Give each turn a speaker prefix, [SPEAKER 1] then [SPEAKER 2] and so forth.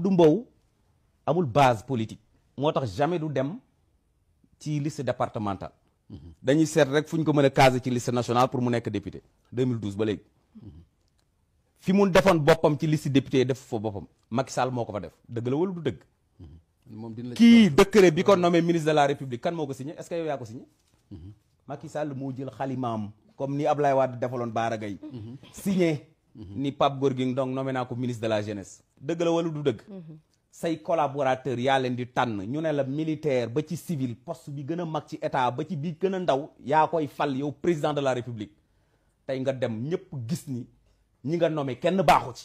[SPEAKER 1] Abdou Mbow amul base politique motax jamais du dem ci liste départementale dañuy seet rek fuñ ko mën caser ci liste nationale pour mu nek député 2012 ba léegi fi mu defoon boppam ci liste député def fo bopam Macky Sall moko fa def deug la wala du deug
[SPEAKER 2] moom dina
[SPEAKER 1] bi ko nommé ministre de la république kan moko signé est-ce que yow ya ko signé mhm. Macky Sall mo jël khalimam comme ni Ablaye Wade defalon Baara mhm. signé ni Pape Gorgui Ndong nome naa ko ministre de la jeunesse dëgg la wala du dëgg mhm. say collaborateur yaa leen di tànn ñu ne la militaire ba ci civil post bi gën a mag ci état ba ci bi gën a ndaw yaa koy fal yow président de la république tey nga dem ñëpp gis ni ñi nga nome kenn baaxu ci